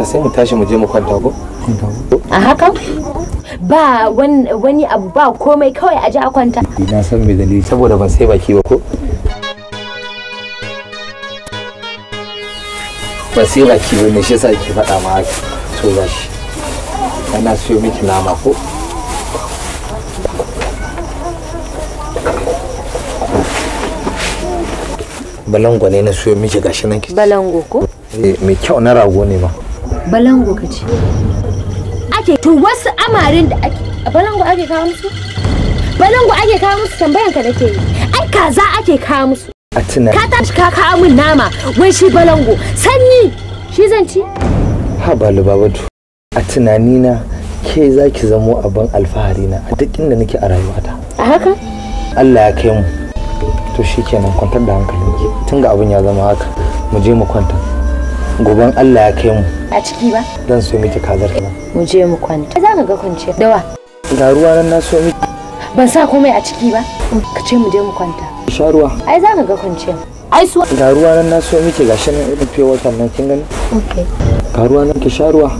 Ka sai mu tashi mu je mu kwanta ko a haka ba wani abu ba komai kawai a ji a kwanta na san me dalili saboda ban sai baki ba ko ba sai baki ba ne shi yasa ki faɗa ma so ba shi ana siyo miki nama ko balango ne na siyo miki gashi nan ki balango ko eh, mai kyau na rago ne ma balango ka ce ake to wasu amarin da ake balango ake kawo musu balango ake kawo musu tambayan ka nake yi ai kaza ake kawo musu a tunan ka tashi ka kawo min nama wai shi balango sanyi shi zan ci ha balu babatu a tunani na ke za ki zamo abin alfahari na a duk inda nake a rayuwata a haka Allah ya kai mu to shikenan kwantar da hankalinki tun ga abin ya zama haka mu je mu kwanta goban Allah ya kai mu a ciki ba zan so miki kazar kenan mu je mu kwanta za ka ga kwance dawa ga ruwa nan na so miki ban sa komai a ciki ba ka ce mu je mu kwanta sha ruwa ai za ka ga kwance ai so. ga ruwa nan na so miki ga shi nan irin fewar watan nan kin gani okay ga ruwa nan ki sha ruwa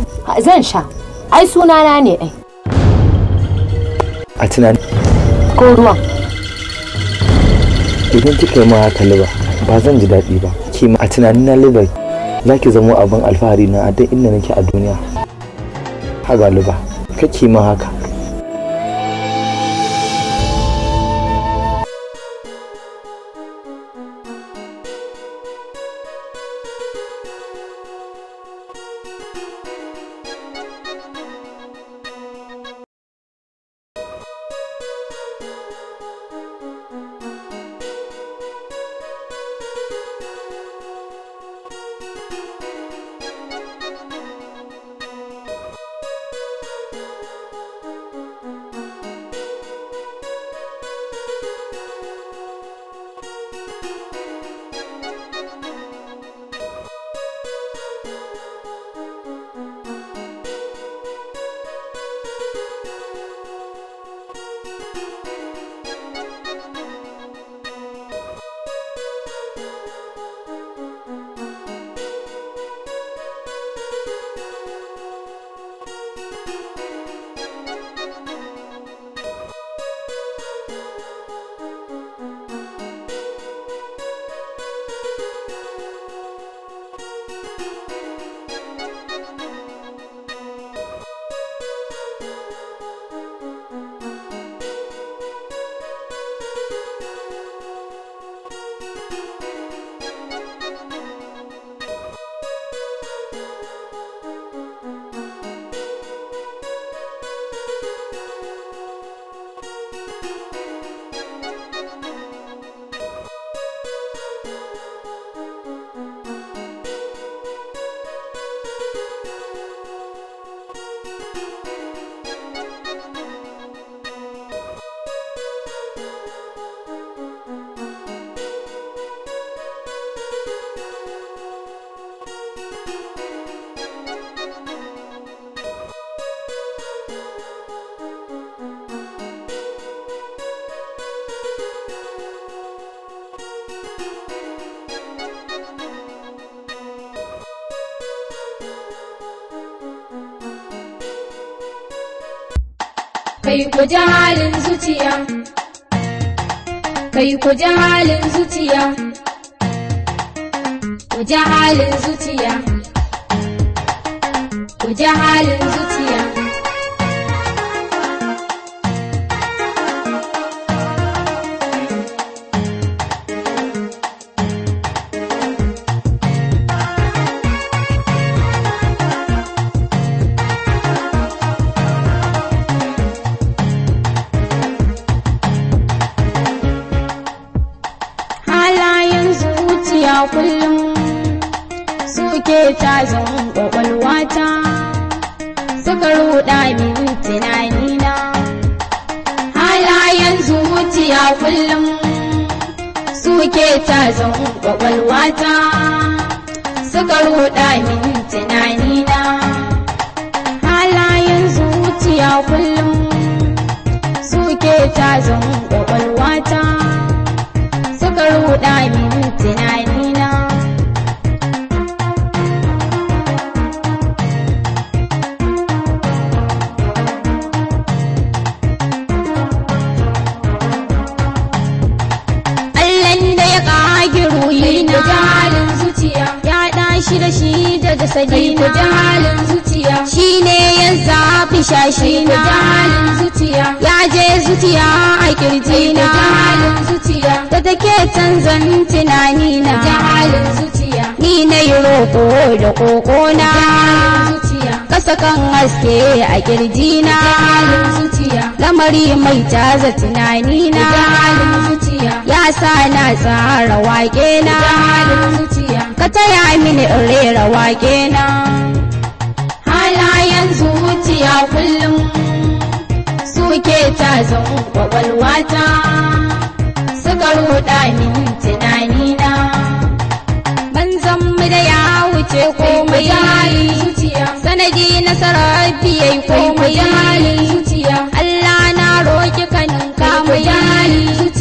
zan sha ai suna na ne ai a tunani ko ruwan idan kika yi ma haka liba ba zan ji daɗi ba kima a tunanin na liba za ki zama abin alfahari na a duk inda nake a duniya ha galiba kake ma haka kai ku ji halin zuciya kai ku ji halin zuciya ku ji halin zuciya ku ji halin zuciya kullum suke ta zan kwakwalwata suka ruɗa min na halayen zuciya kullum suke ta zan kwakwalwata suka ruɗa min tunani shi da shi da sadi na kai halin zuciya shi ne ya zafi shashi na kai halin zuciya ya je zuciya a kirji na kai halin zuciya da take canzan tunani na kai halin zuciya ni na yi roƙo da ƙoƙo na kasa kan haske a kirji na halin zuciya lamari mai taza tunani na halin zuciya ya sa na tsara wake na halin zuciya ka taya mini in rera wake na halayen zuciya kullum suke ta tazan ta suka ruɗa tunani na ban zan mu da ya wuce komai sanadi na sarafi yayi komai Allah na roki kanin kamai zuciya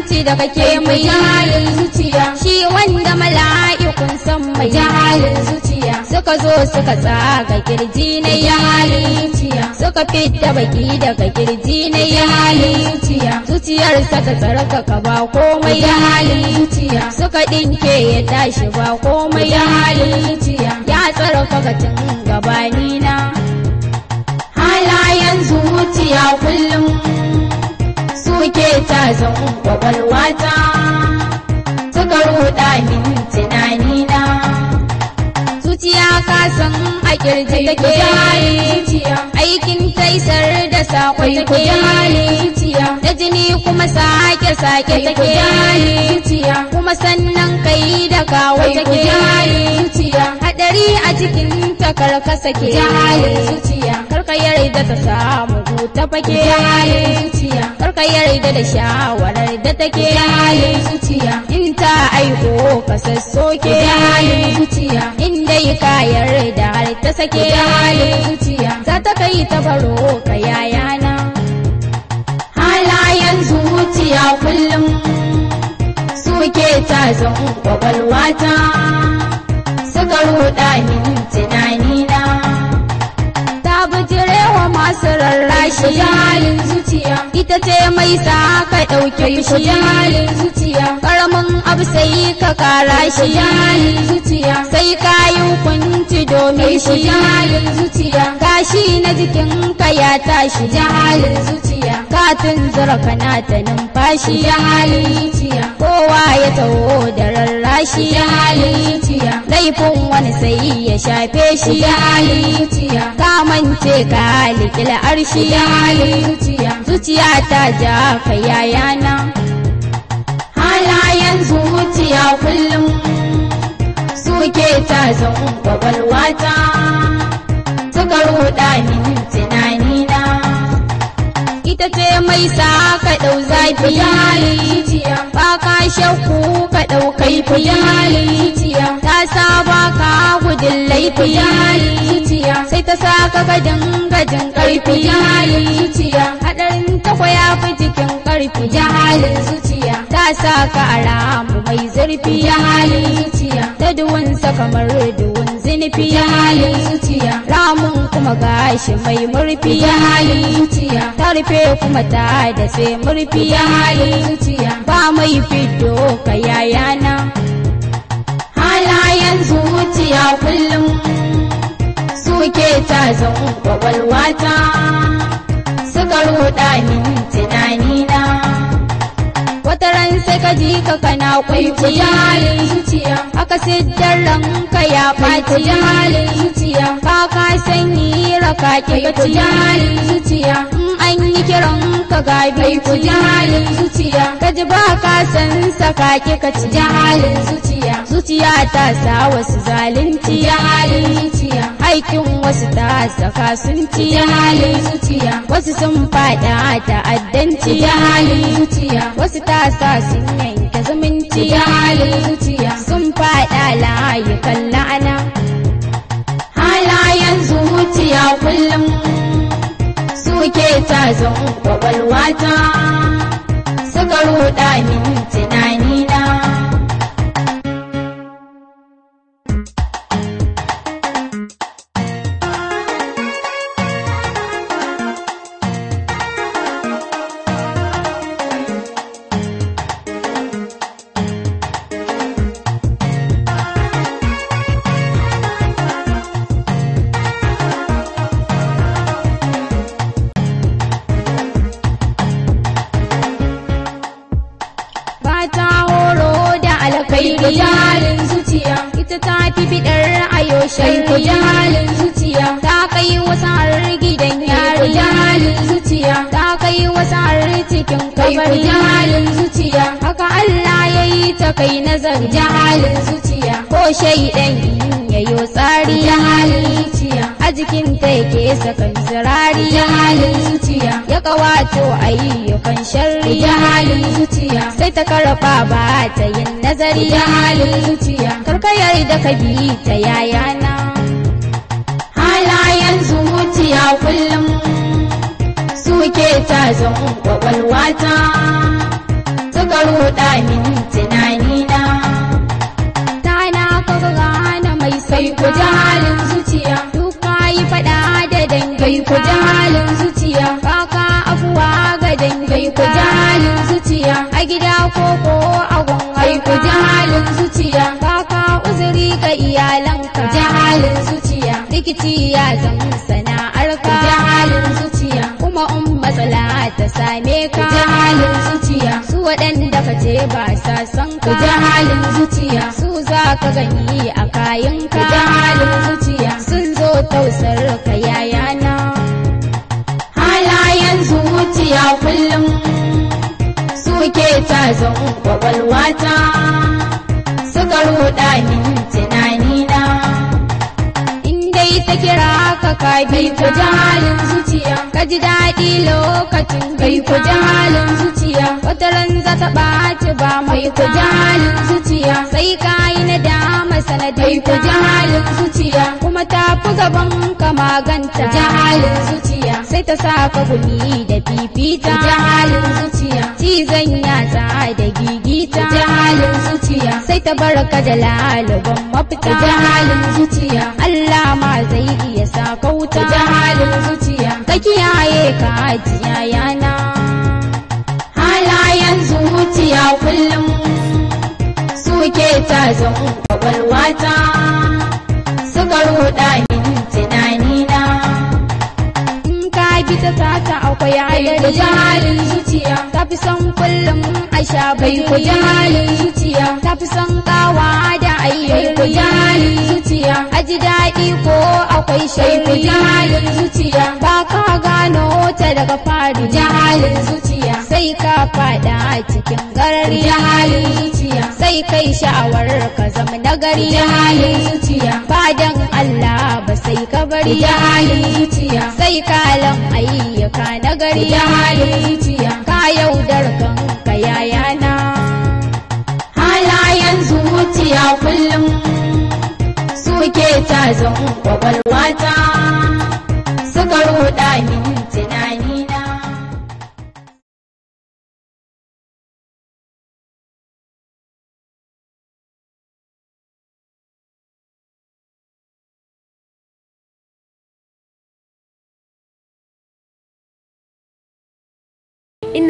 zalunci da kake mai jahalin zuciya shi wanda mala'ikun san mai jahalin zuciya suka zo suka tsaga kirji na jahalin zuciya suka fidda baki daga kirji na jahalin zuciya zuciyar saka tsarkaka ba komai jahalin zuciya suka dinke ya tashi ba komai jahalin zuciya ya tsarkaka tun gabanina halayen zuciya kullum ta cazin kwakwalwata suka ruɗa min tunanina zuciya ka san a kirji take aikin taisar da sakwai take da jini kuma sake sake take kuma sannan kai da kawai take Dari a cikin ta karka sake jahalin zuciya karka yarda ta samu ta fake jahalin zuciya karka yarda da shawarar da take jahalin zuciya in ta aiko ka sassoke jahalin zuciya in dai ka da har ta sake jahalin zuciya za ta kai ta baro ka yayana halayen zuciya kullum suke ta zan kwakwalwata suka ruɗa min tunanina ta bijira hasirar zuciya ita ce mai sa ka ɗauke shi halin zuciya karamin abu sai ka kara shi halin zuciya sai ka yi hukunci domin shi halin zuciya gashi na jikin ka ya tashi halin zuciya katin zura ta numfashi halin zuciya kowa ya taho da rarrashi halin zuciya laifin wani sai ya shafe shi halin zuciya ka mance ka halike arshi zuciya ta na yayana halayen zuciya kullum suke ta zan kwakwalwata suka ruɗa minin tunani ita ce mai sa ka ɗau zafi ba ka shakku ka ɗau kaifi ta sa ba ka gudun laifi sai ta sa ka gajin gajin jin ƙarfi hadarin ya fi jikin ƙarfi jahalin zuciya ta sa ka alamu mai zurfi ya halin zuciya ta duwansa kamar duwan zinfi ya halin zuciya ramun kuma gashi mai murfi ya halin zuciya ta kuma ta da sai murfi ya halin zuciya ba mai fito ka yaya yayana halayen zuciya kullum suke ta zan kwakwalwata suka ruɗa min tunanina wata ran sai ka ji ka kana kwaiciya halin zuciya aka siddar ranka ya faci halin zuciya ka ka sanyi raka ki gaciya an yi kiran ka ga bai zuciya ka ji ba ka san saka ki ka ci zuciya zuciya ta sa wasu zalunci halin zuciya aikin wasu ta saka sun ci ya halin zuciya wasu sun fada ta'addanci ya halin zuciya wasu ta sa sun yanke zumunci ya halin zuciya sun fada layukan la'ana halayen zuciya kullum suke ta zan kwakwalwata suka ruɗa min tunani kai ke sakan sirari ya halin zuciya ya kawato ayyukan sharri ya halin zuciya sai ta karafa ba ta yin nazari ya halin zuciya karkayar da ka bi ta yaya na. halayen zuciya kullum suke ta zan kwakwalwata suka ruɗa min na ta na kaga gane mai sai ku ji halin zuciya faɗa da dangai ku ji halin zuciya kaka afuwa ga dangai ku ji halin zuciya a gida ko ko a gwangwai ku ji halin zuciya kaka uzuri ga iyalanka ku ji halin zuciya Likiti ya zama sana'ar ku ji halin zuciya kuma in matsala ta same ka ji halin zuciya su waɗanda ka ce ba sa san ka ji halin zuciya su za ka gani a kayan ka ji halin zuciya sun zo tausar ka yayana halayen zuciya kullum suke zan kwakwalwata suka roɗa mintin kai ta kira ka ka bi ko ji halin zuciya ka ji daɗi lokacin kai ko ji halin zuciya wata ran za ta ɓaci ba mai ko ji halin zuciya sai ka yi na dama sanadin kai ko ji halin zuciya kuma ta fi gaban ka maganta ji halin zuciya zuciya sai ta saka gumi da fifita ta halin zuciya cizon ta da gigita ta halin zuciya sai ta barka da laliban mafita ta halin zuciya Allah ma zai iya sa kauta ta halin zuciya Ta kiyaye ka ajiya yana halayen zuciya kullum suke ta zan kwakwalwata suka ruɗa tata akwai ai ku ji halin zuciya ta fi son kullum aisha bai ku ji halin zuciya ta fi son kawa da ayyai ku ji halin zuciya aji daɗi ko akwai shai ku ji halin zuciya ba ka gano ta daga faru ji halin zuciya sai ka fada cikin garari ji halin zuciya sai kai sha'awar ka zama nagari ji halin zuciya fadan al gari ya zuciya sai kalan ayyuka na gari ya halin zuciya ka yaudar yaya yayana halayen zuciya kullum suke tazan kwakwalwata suka ruɗa min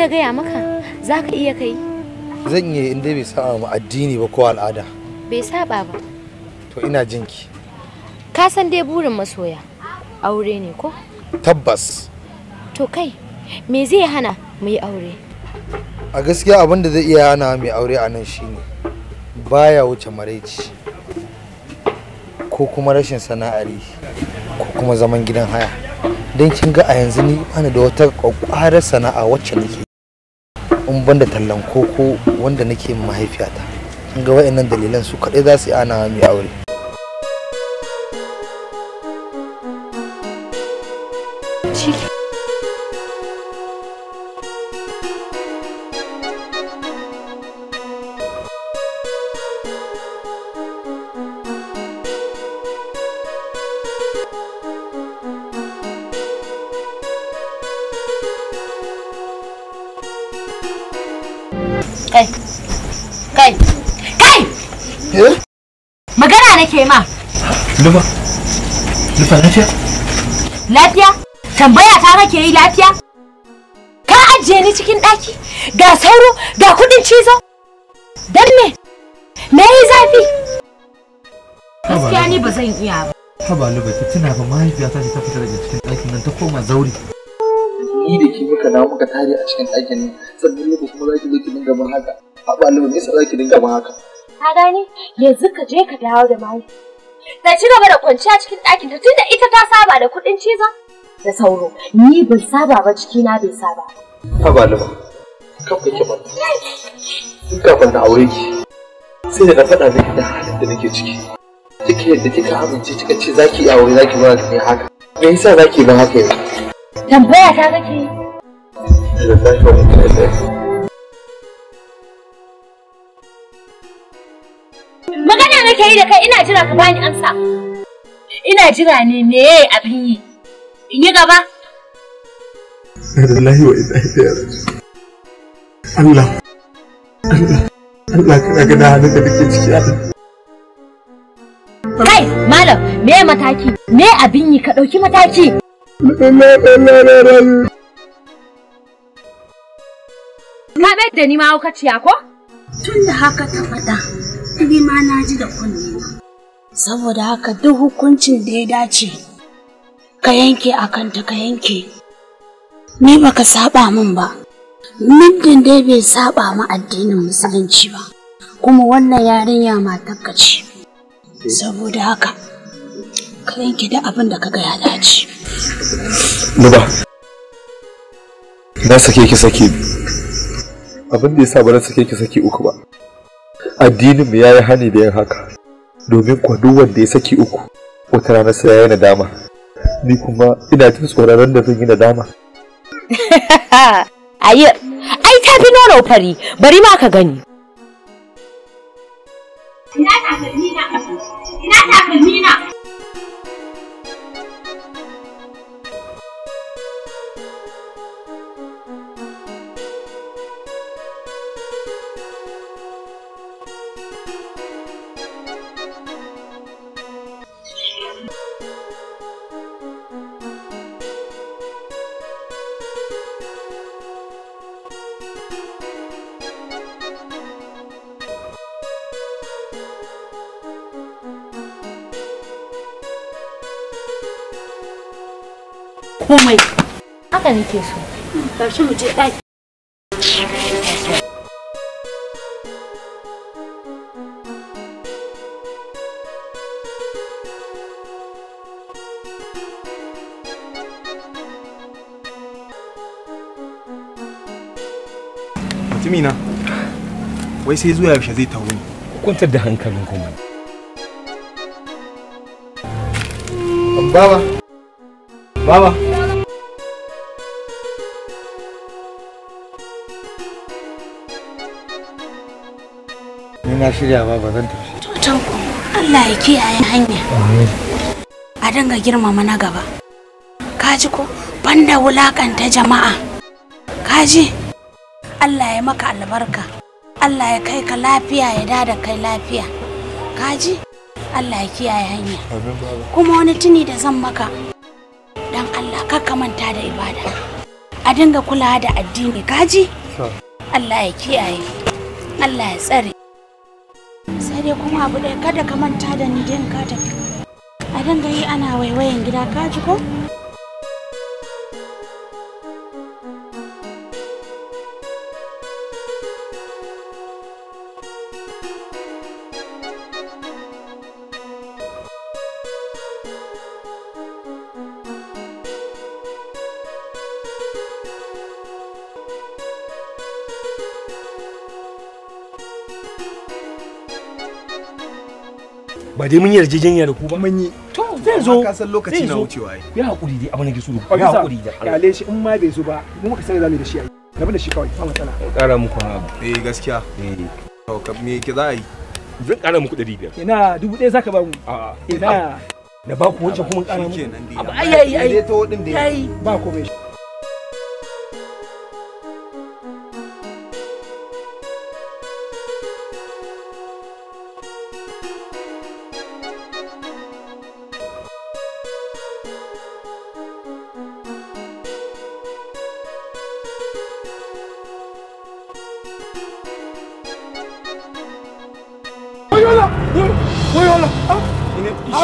na gaya maka za ka iya kai zan iya in dai bai saba ma addini ba ko al'ada bai saba ba to ina jinki ka san dai burin masoya aure ne ko tabbas to kai me zai hana mu yi aure a gaskiya abin da zai iya hana mai aure a nan shine baya wuce maraici ko kuma rashin sana'ari ko kuma zaman gidan haya don kin ga a yanzu ni bani da wata kwakwarar sana'a wacce nake in banda tallan koko wanda nake mahaifiyata ga wa'annan dalilan su kaɗai za su yi ana mai aure Kai! Kai! Eh? Magana nake ma. lufa lufa lafiya? Lafiya? Tambaya ta nake yi lafiya? Ka ajiye ni cikin ɗaki? Ga sauro, ga kuɗin cizo? Dan me? Me yi zafi? Gaskiya ni ba zan iya ba. ba lufa ki tuna ba mahaifiyata ce ta fita daga cikin ɗakin nan ta koma zauri. Ni da ki muka dawo muka tare a cikin ɗakin nan, sannan Luba kuma za ki zo ki dinga haka. a ɓalibin nisa za ki dinga ma haka ka gane yanzu ka je ka dawo da mai ta ci gaba da kwanciya cikin ɗakin ta tunda ita ta saba da kuɗin ciza da sauro ni ban saba ba na bai saba ba ba luba kan kake ba duk kafin da aure ki sai da na faɗa miki da halin da nake ciki kike yadda kika amince kika ce zaki yi aure zaki ba ni haka me yasa zaki ba haka yau tambaya ta kake da lafiya ne Magana nake yi da kai ina jira ka bani amsa. Ina jira ne me abin yi. In yi gaba. Lillahi wa inna ilaihi Allah. Allah. Allah ka ga da halin da kake ciki nan! Kai, malam, me mataki? Me abin yi ka ɗauki mataki? Ka da ni ma ko? Tun da haka ta faɗa. ni ma na ji da kunne na saboda haka duk hukuncin da ya dace ka yanke a kanta ka yanke ni baka saba min ba muddin dai bai saba mu addinin musulunci ba kuma wannan yarinya matarka ce saboda haka ka yanke da abin da kaga ya dace Baba, na sake ki sake abin da ya sa ba na sake ki sake uku ba Addininmu ya yi hani da yin haka domin kwa duk wanda ya saki uku wata rana sai yayi nadama ni kuma ina jin tsoron da zan yi nadama ayi ai ta fi nono fari bari ma ka gani ina ina takalmi na komai haka nake so tashi mu je ɗaki Mutumina, wai sai zuwa yaushe zai tawo ni. Kwantar da hankalin kuma. Baba, Baba. shirya ba ba tafi to ku Allah ya kiyaye hanya a dinga girmama na gaba kaji ko banda wulakanta jama'a kaji Allah ya maka albarka Allah ya kai ka lafiya ya da da kai lafiya kaji Allah ya kiyaye hanya kuma wani tuni da zan maka dan Allah ka manta da ibada a dinga kulawa da addini kaji Allah ya kiyaye Allah ya tsare sai dai kuma abu ɗaya kada ka manta da ni din ka tafi a dinga yi ana waiwayen gida ka ji ko dai mun yarjejeniya da ku ba mun yi to zai zo ka san lokaci na wucewa ai ya hakuri dai abin da ke so ya hakuri da Allah kale shi in ma bai zo ba mu muka sani zamu da shi ai rabu da shi kawai ba matsala kara muku abu eh gaskiya eh to ka me ke za a yi zan kara muku 500 ina dubu 1 zaka ba mu a ina da ba ku wancan kuma kara muku abu ai ai ai ba komai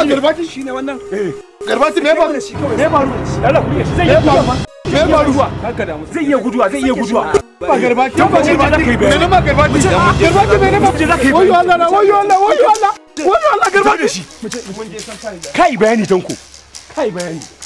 a shi ne wannan kai bayani tanko kai bayani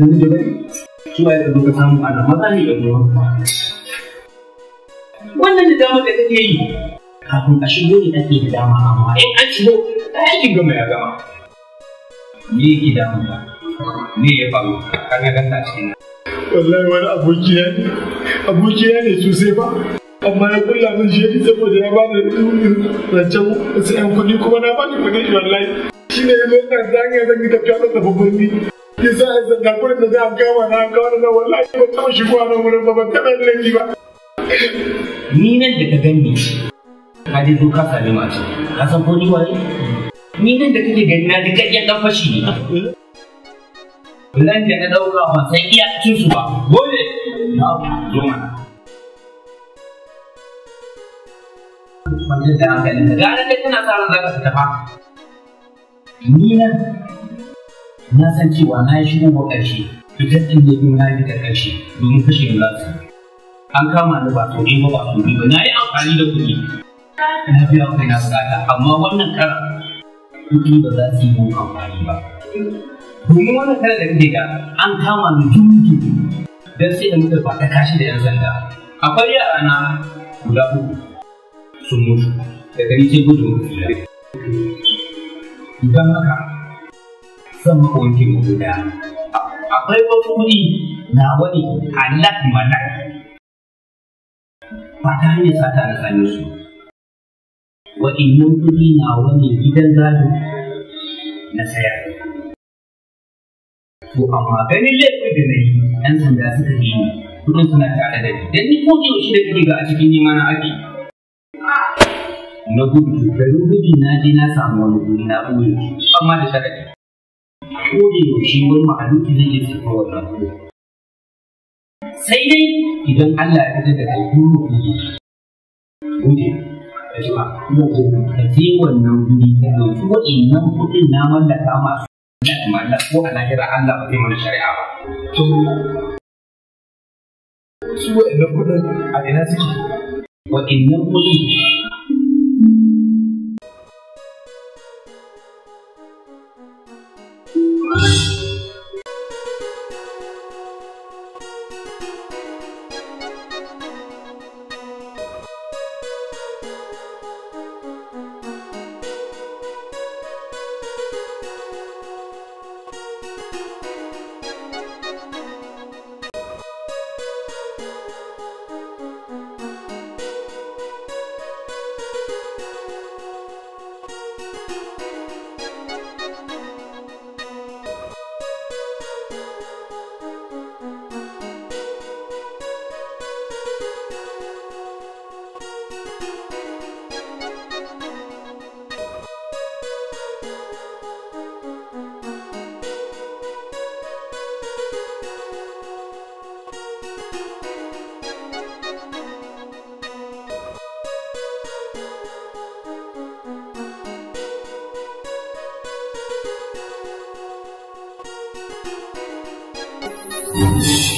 wani wannan da dama da kake yi kafin a shigo ne da dama amma in an shigo ta aikin gama ya gama me yake damu ka me ya faru kan ga ganta cikin wallahi wani abokiya ne abokiya ne sosai ba amma ya kulla min shi saboda ya bani rancen wasu 'yan kuɗi kuma na bani kuɗi wallahi shine ne ya zo na zanga zan yi tafiya da babban Yasa sa ya zanga gurin da za a kama na ga wani na wallahi ba taɓa shigowa na wurin ba ta taɓa laifi ba. Ni nan da ka gani ka je zo ka same mu a ciki ka san ko ni waye? Ni nan da kake gani na duk ƙarƙen ɗan fashi ne. Nan da na ɗauka ba san iya cikinsu ba. Gole! Na zo mana. Wannan da hankalinka, gara kai tana sa ran za ka fita fa. Ni nan na san cewa na yi shirin wa ƙarshe fitar ɗin da yi na yi fitar ƙarshe domin kashe mulatsa an kama ni ba to ɗin ba ba to ba na yi amfani da kuɗi na biya kuɗi na bukata amma wannan karan kuɗi ba za su yi mun amfani ba domin wannan karan da kake ga an kama ni jirgi don sai da muka ba ta kashi da 'yan sanda akwai yara na guda uku sun mutu da gari sai gudun idan haka zan maka mu guda akwai baturi na wani halak malak ba ta hanyar sata na same su wa'innan kuɗi na wani gidan gado na sayar Ko amma ganin laifin da na yi ɗan sanda suka yi ne kuɗin suna tare da ni dan ni ko da da kake ga a cikin nema na aji na gudu da gudu na je na samu wani guri na ɓoye amma da sharadi ko da yaushe wani ma'aluki zai iya saka wannan sai dai idan Allah ya fitar da kai duk ne gode da jima kuma gobe ka je wannan guri ka ɗauki waɗannan kuɗin na mallaka masu mallaka ko a lahira Allah ba zai mana shari'a ba to su waɗannan kuɗin a ina suke waɗannan kuɗin Música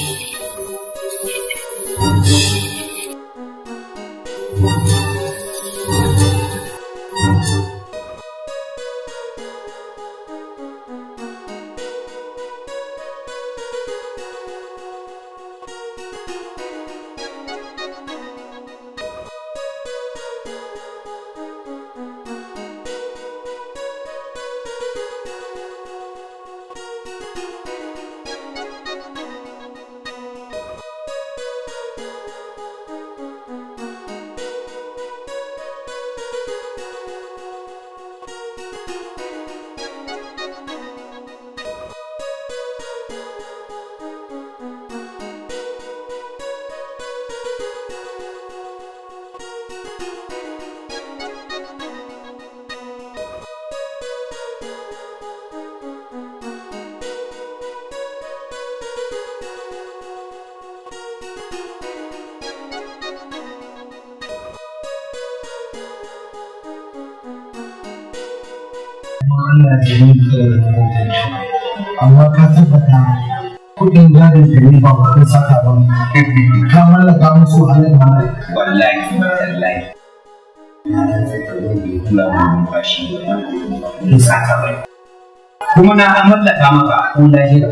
halatta maka ko lahira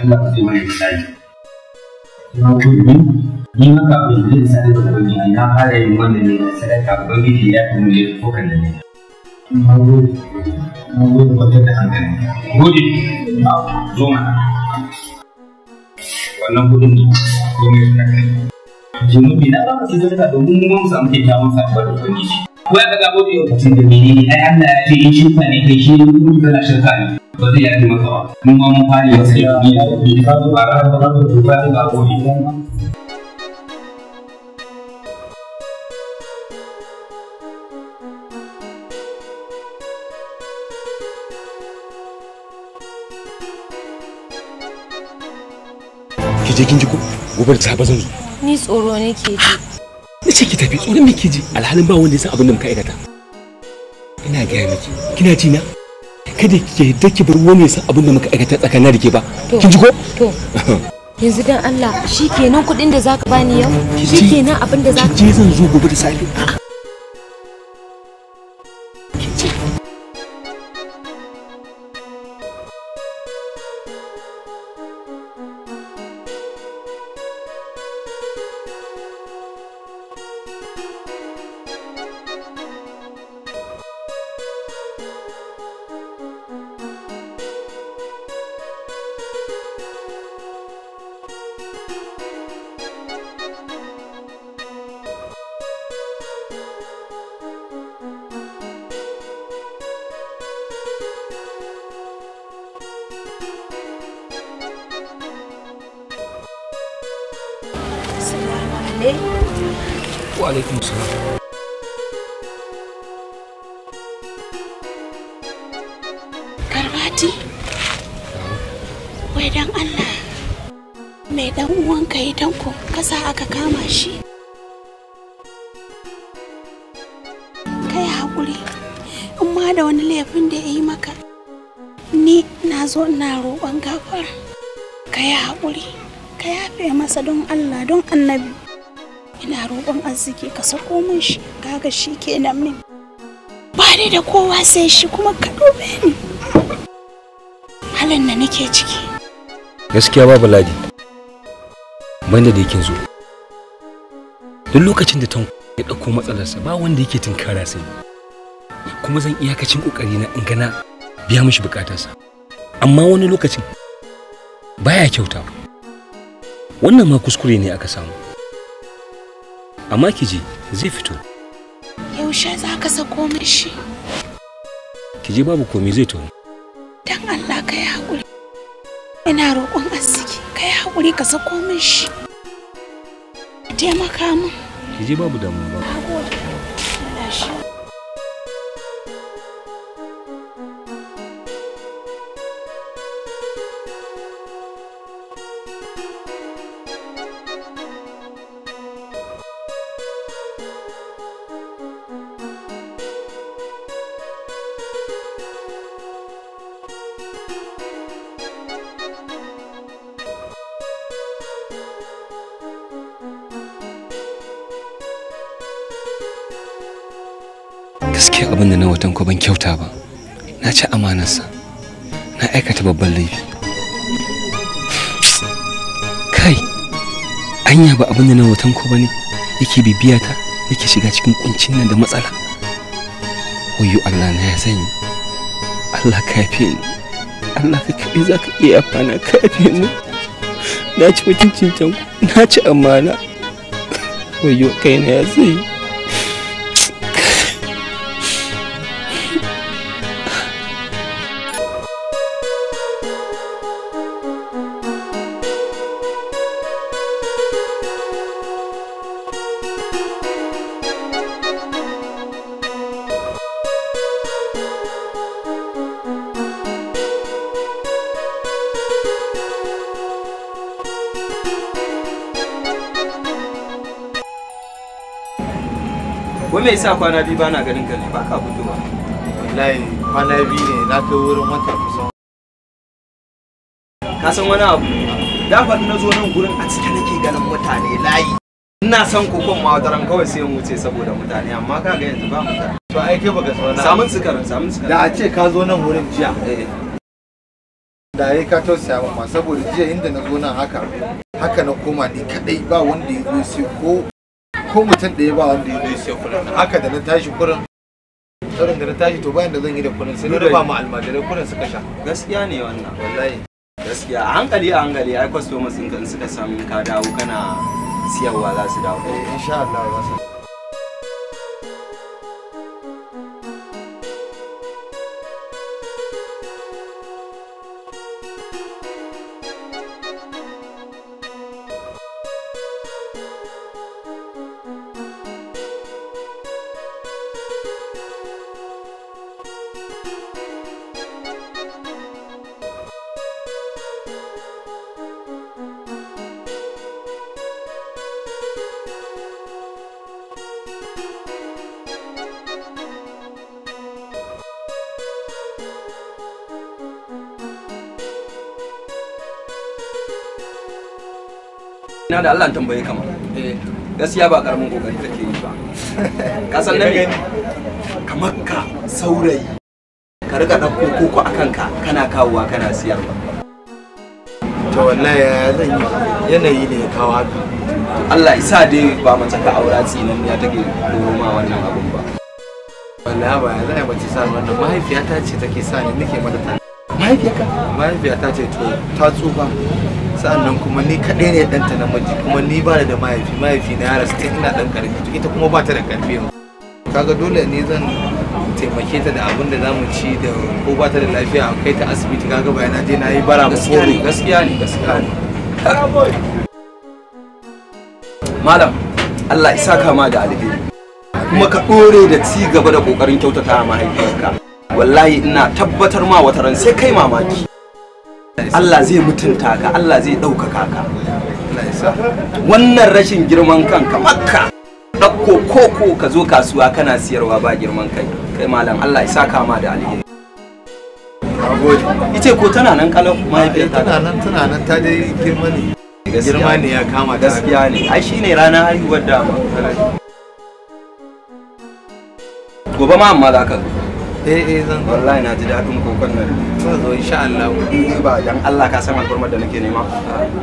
Allah ka zai ni da zai da na fara yin ne sadaka ya kuma yi ko kan da ne gode gode wata da hankali gode zo mana wannan gudun ne ko mai sadaka zunubi na ba su ta domin mu mu samu kyakkyawan sakamako da kuma shi ko ya ga gobe lokacin da menene ai Allah ya ce in shirka ne kai shi mutum kana shirka ne ba zai yaji maka ba mun ma mun fare wasu da kuma ya gobe ba ba ba ba ba ba ba ba ki je kin ji ko gobe da safe zan Ni tsoro nake ji. Ni ce ki tafi tsoro me ji alhalin ba wanda ya san abin da muka aikata. Ina gaya miki, kina ji na? Kada ki yadda ki bar wani ya san abin da muka aikata tsakanin da ke ba. Kin ji ko? To. yanzu dan Allah shikenan kuɗin da zaka bani yau shikenan abin da zaka ji zan zo gobe da safe lalle wai dan allah mai dan uwanka ya tanko kasa aka kama shi kai haƙuri in ma da wani laifin da ya yi maka ni na zo ina roƙon gafara ka yi haƙuri ka yafe masa don allah don annabi roƙon arziki ka sako min shi kaga shi kenan min ba ni da kowa sai shi kuma ka dube ni halin da nake ciki gaskiya babu ladi ban da yake zo duk lokacin da ta ya ɗauko matsalarsa ba wanda yake tunkara sai kuma zan iyakacin ƙoƙari na in gana biya mishi bukatarsa amma wani lokacin baya kyautawa, wannan ma kuskure ne aka samu amma kiji zai fito yaushe za ka sako shi. ki ji babu komi zai taho dan Allah ka yi haƙuri ina roƙon arziki ka yi haƙuri ka sako shi taimaka min ki ji babu damuwa ba cikin abin da na watan ko ban kyauta ba na ci amanarsa na aikata babban laifi kai anya ba abin da na watan ko bane yake bibiya ta yake shiga cikin kuncin nan da matsala wayo Allah na ya sani Allah ka yafe ni Allah ka kaɗai za ka iya fana ka yafe ni na ci mutuncin can na ci amana wayo kai na ya sani yasa kwana biyu bana ganin ka ne baka ka fitowa wallahi kwana biyu ne na kai wurin wata kusan ka san wani abu da fa na zo nan gurin a cikin nake ganin mutane layi ina son kun ma wataran kawai sai in wuce saboda mutane amma ka ga yanzu ba mutane to ai kai baka sauna samun sukarin samun sukarin da a ce ka zo nan wurin jiya eh. da ya ka tausaya ma saboda jiya inda na zo nan haka haka na koma ni kadai ba wanda ya zo sai ko ko mutum ɗaya ba wanda ya zo siya nan. haka da na tashi kuɗin tsarin da na tashi to bayan da zan yi da kuɗin sai na raba ma almajirai kuɗin suka sha gaskiya ne wannan wallahi gaskiya a hankali a hankali ai kwastomas in suka samun ka dawo kana siyarwa za su dawo eh, insha Allah za su na da Allah tambaye kama eh, gaskiya ba karamin kokari take yi ba ka san nan kamar ka saurayi ka rika ɗauko koko a kanka kana kawowa kana siyarwa to wallahi ya zan yi yanayi ne ya kawo haka Allah isa dai ba mace ka aura tsinan ya take ma wannan abun ba wallahi ba ya zai mace sa wannan mahaifiyata ce take sa ni nake mata mahaifiyarka mahaifiyata ce to ta tsufa sa'annan kuma ni kaɗai ne ɗanta namiji kuma ni ba da mahaifi mahaifi na yara tun ina ɗan ƙarfi to ita kuma ba ta da ƙarfi kaga dole ne zan taimake ta da abin da zamu ci da ko ba ta da lafiya kai ta asibiti kaga bayan na je na yi bara mu kore gaskiya ne gaskiya ne malam Allah isa kama da alheri kuma ka ɗore da ci gaba da ƙoƙarin kyautata mahaifiyarka wallahi ina tabbatar ma wata ran sai kai mamaki Allah zai mutunta ka Allah zai ɗaukaka ka wannan rashin girman kanka makka ɗauko koko ka zo kasuwa kana siyarwa ba girman kai kai malam Allah ya saka ma da alheri ice ko tana nan kalau ah, eh, mahaifiyar ta tana nan tana nan ta dai girma ne girma ne ya kama ta gaskiya ne ai shine ranar haihuwar dama gobe ma amma za ka zo eh eh zan wallahi na ji daɗin kokon nan zan zo insha Allah ba dan Allah ka san alfarmar da nake nema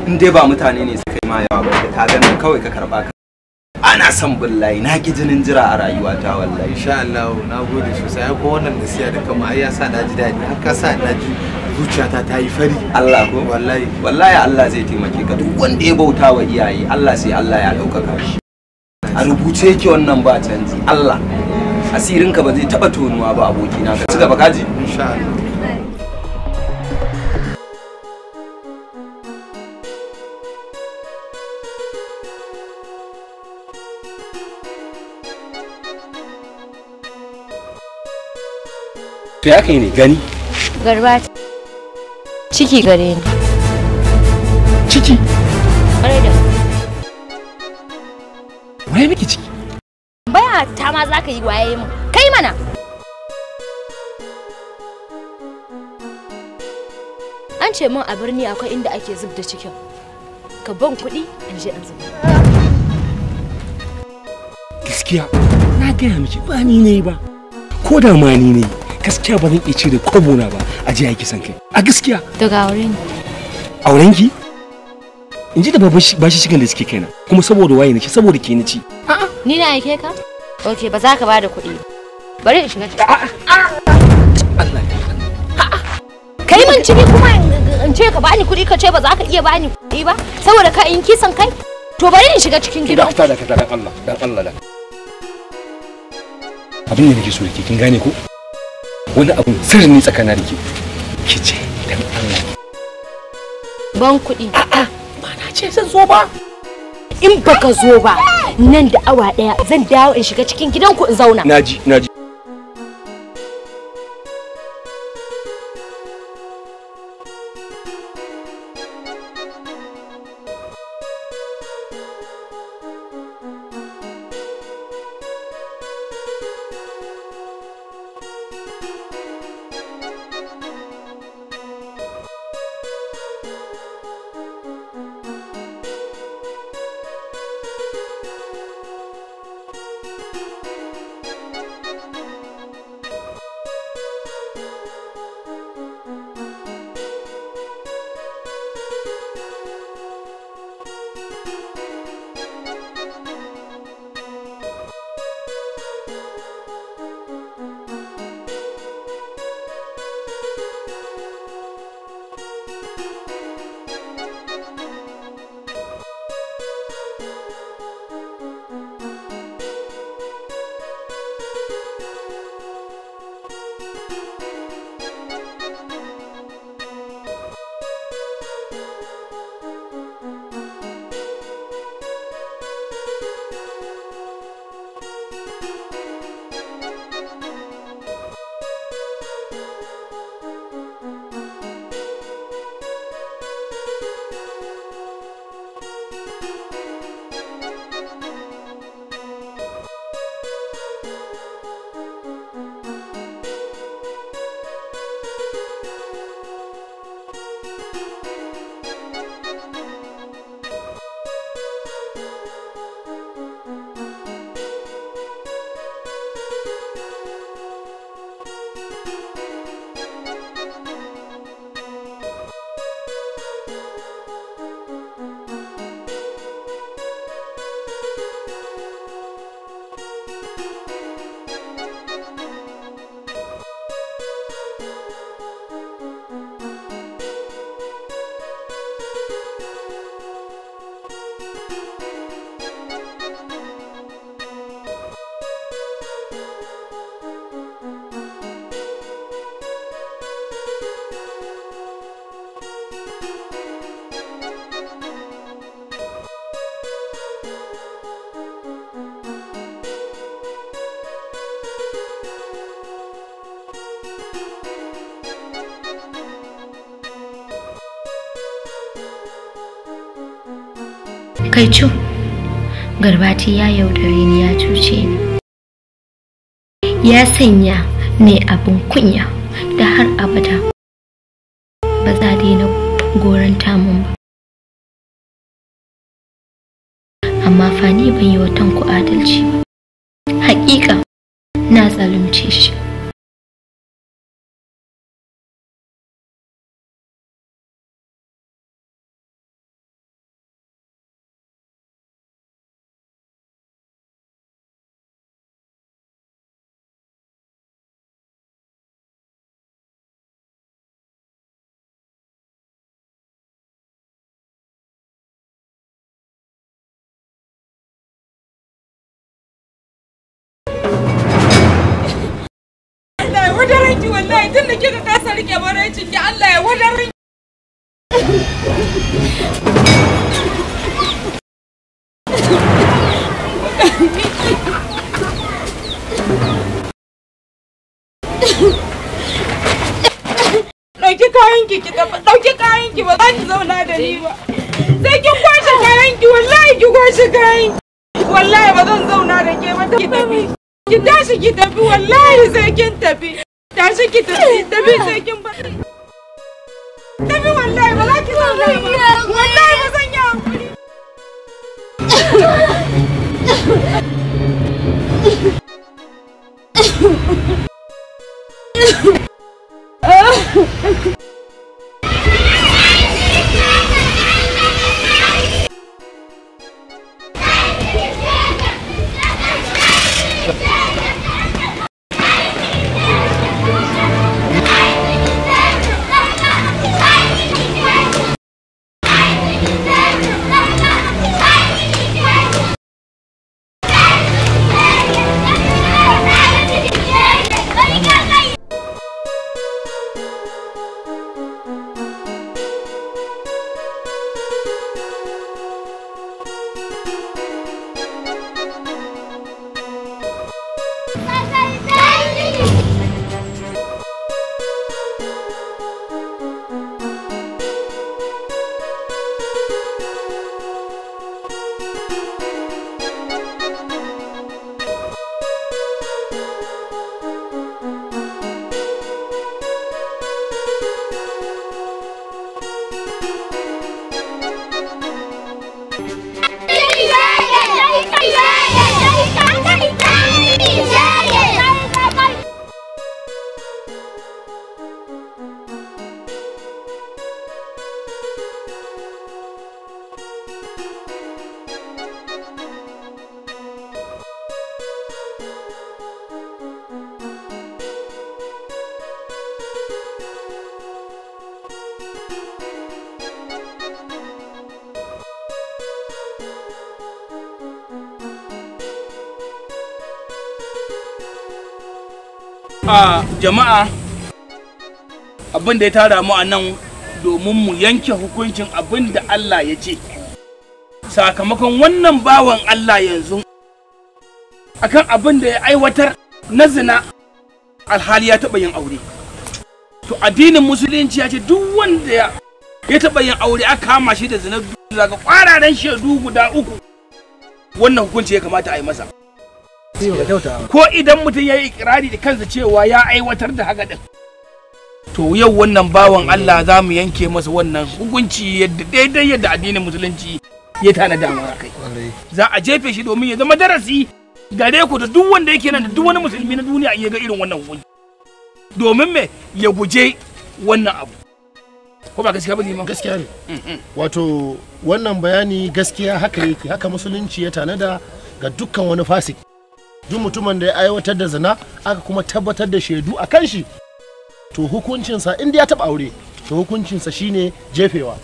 in dai ba mutane ne suka yi ma yawa ba ta ganin kawai ka karba ka ana son billahi na ki jinin jira a rayuwata wallahi insha Allah na gode sosai ko wannan nasiya duka kuma ai ya sa na ji daɗi har ka sa na ji zuciyata ta yi fari Allah ko wallahi wallahi Allah zai taimake ka duk wanda ya bauta wa iyaye Allah sai Allah ya ɗaukaka shi a rubuce ki wannan ba canji Allah asirinka ba zai taba tonuwa ba abokina ka ci gaba kaji insha Allah To ya kai ne gani? Garba ciki gare ni. Ciki? Ƙwarai da. Wai miki ciki? baya ta ma za ka yi waye mu kai mana an ce min a birni akwai inda ake zub da cikin ka ban kuɗi in je in zuba gaskiya na gaya miki ba ni ne ba ko da ma ni ne gaskiya ba zan iya ce da kwabo na ba a je yaki san kai a gaskiya daga auren auren ki in ji da ba shi shigan da suke kaina kuma saboda waye nake saboda ke ni ci Ni na aike ka? Oke, ba za ka bada kuɗi. Bari in shiga ciki. Kai min ciki kuma in ce ka bani kuɗi ka ce ba za ka iya bani kuɗi ba saboda ka in kisan kai. To bari in shiga cikin gidan. Ki da dakata dan Allah, dan Allah da. Abin da nake so yake kin gane ko? Wani abu sirri ne tsakanin ki. Ki ce dan Allah. Ban kuɗi. A'a, ba na ce zan zo ba. in baka zo ba nan da awa daya zan dawo in shiga cikin gidanku in zauna naji naji kai cu garbati ya yaudare ni ya cuce ni ya sanya ne abin kunya da har abada ba za daina goranta mun ba amma fani ban yi watan ku adalci ba hakika na zalunce shi tun da kika kasa rike maraicin ki Allah ya wadarin Ɗauki kayan ki ki tafi, kayan ki ba za ki zauna da ni ba. Sai kin kwashe kayan ki, wallahi ki kwashe kayan ki. Wallahi ba zan zauna da ke ba, ki tafi. Ki tashi ki tafi, wallahi sai kin tafi. tashi ki tafi tafi sai kin ba tafi wallahi ba za ki zauna ba wallahi ba zan yi hakuri Oh a jama'a abin da ya tara mu a nan domin mu yanke hukuncin abin da Allah ya ce sakamakon wannan bawan Allah yanzu akan abin da ya aiwatar na zina alhali ya taɓa yin aure to addinin musulunci ya ce duk wanda ya ya taɓa yin aure aka kama shi da zina daga kwararen shaidu guda uku wannan hukunci ya kamata a yi masa ko idan mutum ya yi ikirari da kansa cewa ya aiwatar da haka din to yau wannan bawan Allah za mu yanke masa wannan hukunci yadda daidai yadda addinin musulunci ya da mara kai za a jefe shi domin ya zama darasi gare ku da duk wanda yake nan da duk wani musulmi na duniya ya ga irin wannan hukunci domin me ya guje wannan abu ko ba gaskiya bane ma gaskiya ne mm, mm. wato wannan bayani gaskiya haka yake haka musulunci ya tanada ga dukkan wani fasiki duk mutumin da ya aiwatar da zina aka kuma tabbatar da shaidu a kan shi to hukuncinsa inda ya taɓa aure to hukuncinsa shine jefewa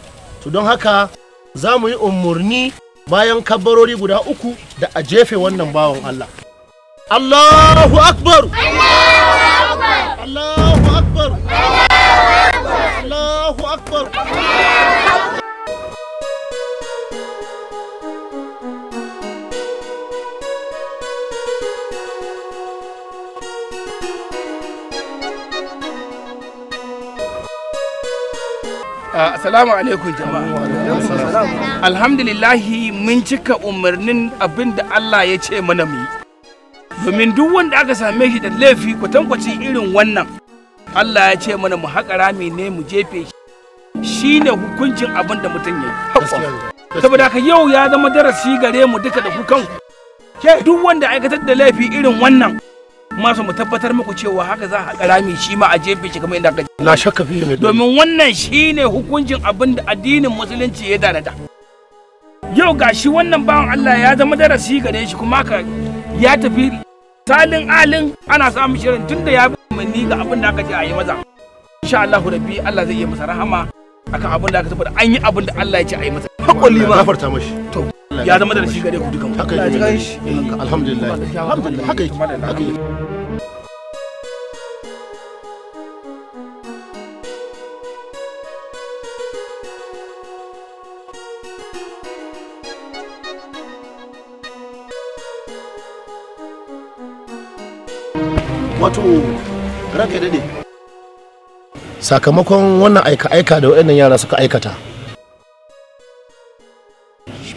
to don haka za mu yi umarni bayan kabarori guda uku da a jefe wannan bawan Allah Allahu Akbar! Allah! Ah, assalamu alaikum jama'a. Alhamdulillahi mun cika umarnin abin da Allah ya ce mana mu Domin duk wanda aka same shi da laifi kwatankwacin irin wannan, Allah ya ce mana mu haƙa rami ne mu jefe shi. Shi ne hukuncin abin da mutum ya yi. Saboda haka yau ya zama darasi gare mu duka da kukan. Duk wanda aikatar da laifi irin wannan, kuma su mu tabbatar muku cewa haka za a karami shi ma a jefe shi kamar inda kaji na shakka fiye mai domin wannan shine hukuncin abin da addinin musulunci ya da yau ga shi wannan bawan Allah ya zama darasi gare shi kuma ka ya tafi salin alin ana samun shirin tunda ya bi manni ga abin da aka ce a yi maza insha Allah rabbi Allah zai yi masa rahama akan abin da aka saboda an yi abin da Allah ya ce a yi masa hakuri ma gafarta mashi to ya zama da shi gare ku dukan haka yake eh, alhamdulillah alhamdulillah haka yake haka yake wato ranka dade sakamakon wannan aika-aika da waɗannan yara suka aikata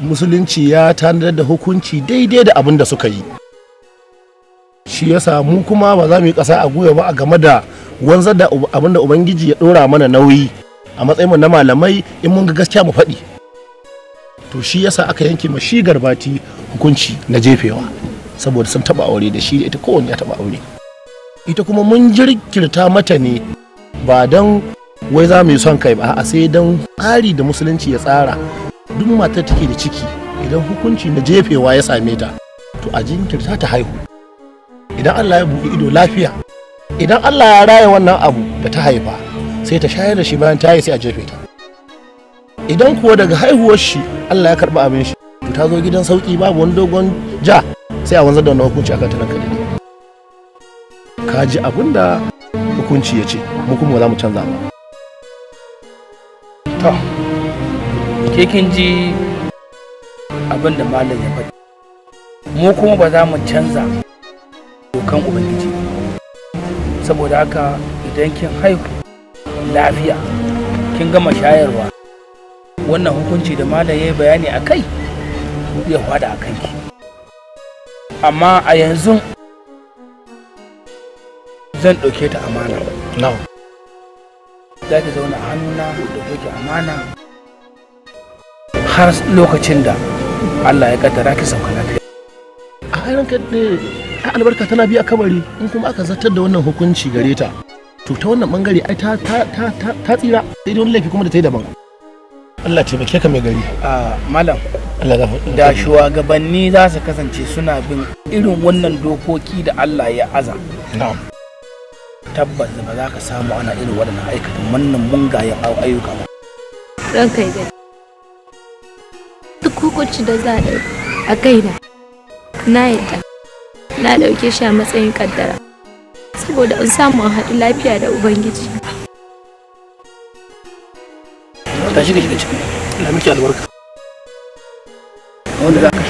musulunci ya tanadar da hukunci daidai da abin da suka yi shi ya samu kuma ba za mu yi kasa a guya ba a game da wanzar da abin da ubangiji ya ɗora mana nauyi a matsayin na malamai in mun ga gaskiya mu faɗi to shi yasa aka yanke ma shi garbati hukunci na jefewa saboda sun taɓa aure da shi ita kowanne ya taɓa aure ita kuma mun jirkirta mata ne ba don wai za mu yi son kai ba a sai don tsari da musulunci ya tsara duk matar take da ciki idan hukunci na jefewa ya same ta to a jinkirta ta haihu idan Allah ya buɗe ido lafiya idan Allah ya raya wannan abu da ta haifa sai ta shayar da shi bayan ta yi sai a jefe ta idan kuwa daga haihuwar shi Allah ya karɓi abin shi to ta zo gidan sauki babu wani dogon ja sai a wanzar da wani hukunci akan tunan da ka ji abin hukunci ya ce mu kuma za mu canza ba ke kin ji abin da malam ya faɗi mu kuma ba za mu canza dokan ubangiji saboda haka idan kin haihu lafiya kin gama shayarwa wannan hukunci da malam ya yi bayani a kai ya fada a kanki amma a yanzu zan ɗauke ta amana za ki zauna a hannuna da goke amana har lokacin da Allah ya kaddara ki sauka lafiya a harin ka albarka tana biya kabari in kuma aka zartar da wannan hukunci gare ta to ta wannan bangare ai ta ta ta ta tsira sai wani laifi kuma da ta yi daban Allah taimake ka mai gari a malam Allah da shugabanni za su kasance suna bin irin wannan dokoki da Allah ya aza na'am tabbas ba za ka samu ana irin waɗannan aikatan wannan mungayen ayyuka ba. Ranka yi hukunci da za a a kaina na yadda na ɗauke shi a matsayin kaddara saboda in samu a haɗu lafiya da ubangiji tashi da shi da ciki na miki albarka wanda za ka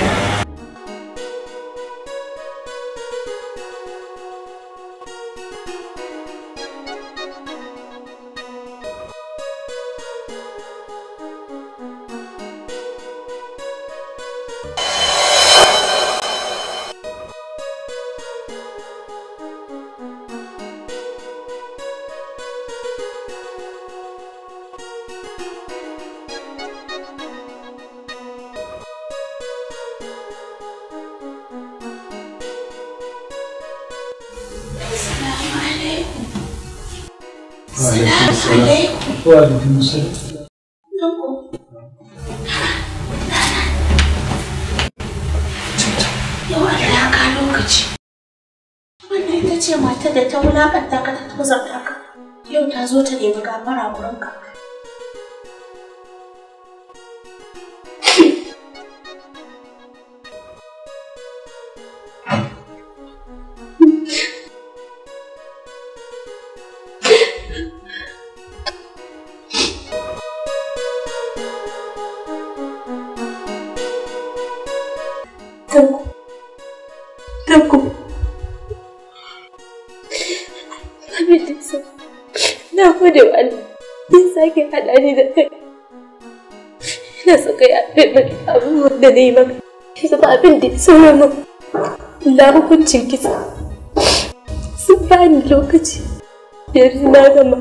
Musa. Kanko. Yau Allah ka lokaci. Wannan ita ce matar da ta wulakanta ka ta tozarta ka. Yau ta zo ta nemi gafara wurinka. abin da na yi maka ya zama abin da ya tsoro min na hukuncin kisa sun bani lokaci yanzu na gama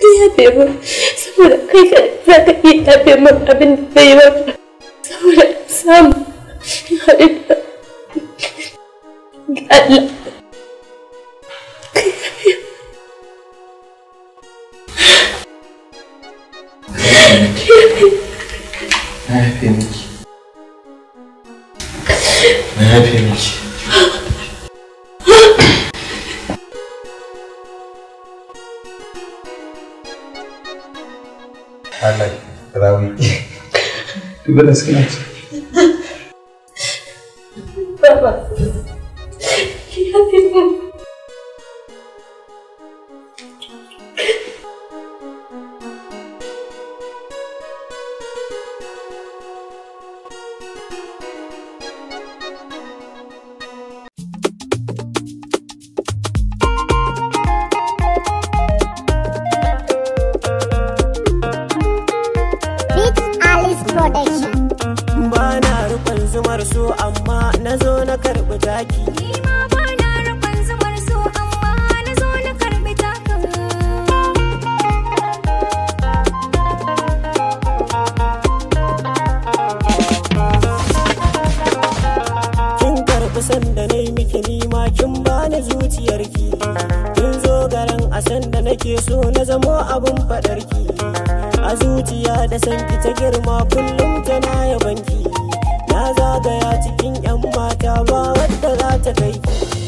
ka yafe min saboda kai abin da na yi samu with us connect. Hafiz Production. Ba na rukun zumar su amma na na karɓi taki. Nima ba na rukun zumar su amma na zo na karɓi takin. Kin karɓi sanda na yi miki nima kin bani na nake so na zamo abin fadarki a zuciya da sanki ta girma kullum tana yabanki na zagaya cikin 'yan mata ba wadda za ta kai